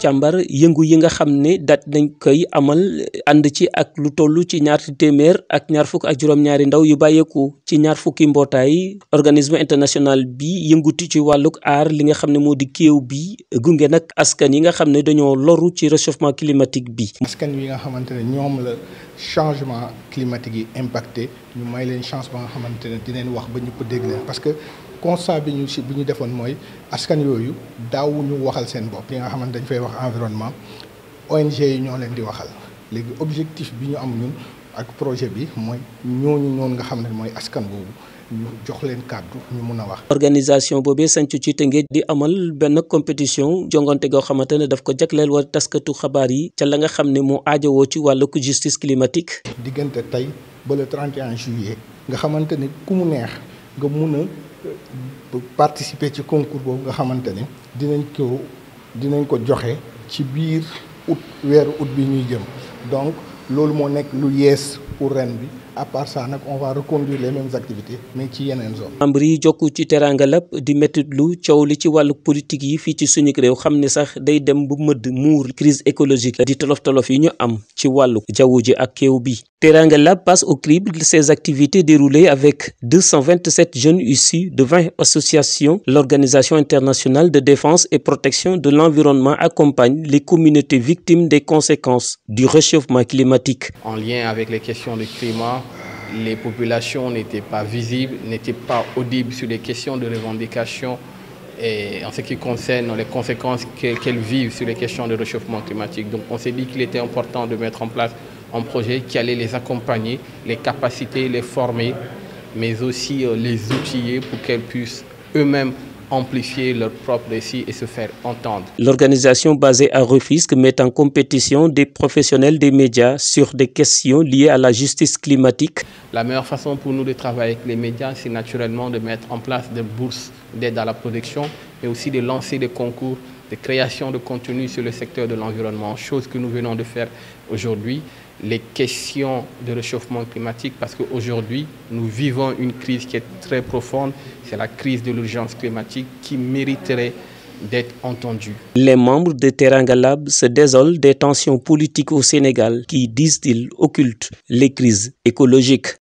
xel yëngu yi nga xam ne dat nañ koy amal ànd ci ak lu toll ci ñaar téeméer ak ñaar fukk ak juróom-ñaari ndaw yu bàyyeeku ci ñaar fukki mbootaay organisme international bi yënguti ci wàlluk aar li nga xam ne moo di kéew bi gunge nag askan yi nga xam ne dañoo loru ci réchauffement climatique bi. askan yi nga xamante ne ñoom la changement climatique yi impacté ñu may leen chance ba nga xamante ne dinañ wax ba ñëpp dégg leen parce que. constat bi ñu defoon mooy askan yooyu daawuñu waxal fee wax environnement ONG yi ñoo leen di waxal léegi objectif bi ñu am ñun ak projet bi mooy ñooñu noonu nga xam ne mooy askan boobu ñu jox leen kàddu ñu mun a wax. organisation boobee sanc ci Tëngéej di amal benn compétition jongante goo xamante ne daf ko jagleel war taskatu xabaar yi ca la nga xam ni moo ajawoo ci wàllug justice climatique. diggante tey ba le 31 juillet nga xamante ne ku mu neex nga mun a participer ci concours boobu nga xamante ne dinañ ko joxé ci biir août wéru août bi ñuy jëm donc loolu moo nekk lu yees pour ren bi à part ça on va reconduire les mêmes activités mais ci yeneen zone Ambri yi jokk ci Lou, lépp di méttit lu ci wàllu politique yi fii ci suñu day dem bu crise écologique di tolof-tolof ñu am ci wàllu jaww ji ak passe au crible ses activités déroulées avec 227 jeunes issus de 20 associations. L'Organisation internationale de défense et protection de l'environnement accompagne les communautés victimes des conséquences du réchauffement climatique. En lien avec les questions du climat, les populations n'étaient pas visibles, n'étaient pas audibles sur les questions de revendication et en ce qui concerne les conséquences qu'elles vivent sur les questions de réchauffement climatique. Donc on s'est dit qu'il était important de mettre en place un projet qui allait les accompagner, les capaciter, les former, mais aussi euh, les outiller pour qu'elles puissent eux-mêmes amplifier leur propre récit et se faire entendre. L'organisation basée à Rufisque met en compétition des professionnels des médias sur des questions liées à la justice climatique. La meilleure façon pour nous de travailler avec les médias, c'est naturellement de mettre en place des bourses d'aide à la production, mais aussi de lancer des concours de création de contenu sur le secteur de l'environnement, chose que nous venons de faire aujourd'hui les questions de réchauffement climatique parce qu'aujourd'hui, nous vivons une crise qui est très profonde. C'est la crise de l'urgence climatique qui mériterait d'être entendue. Les membres de Galab se désolent des tensions politiques au Sénégal qui, disent-ils, occultent les crises écologiques.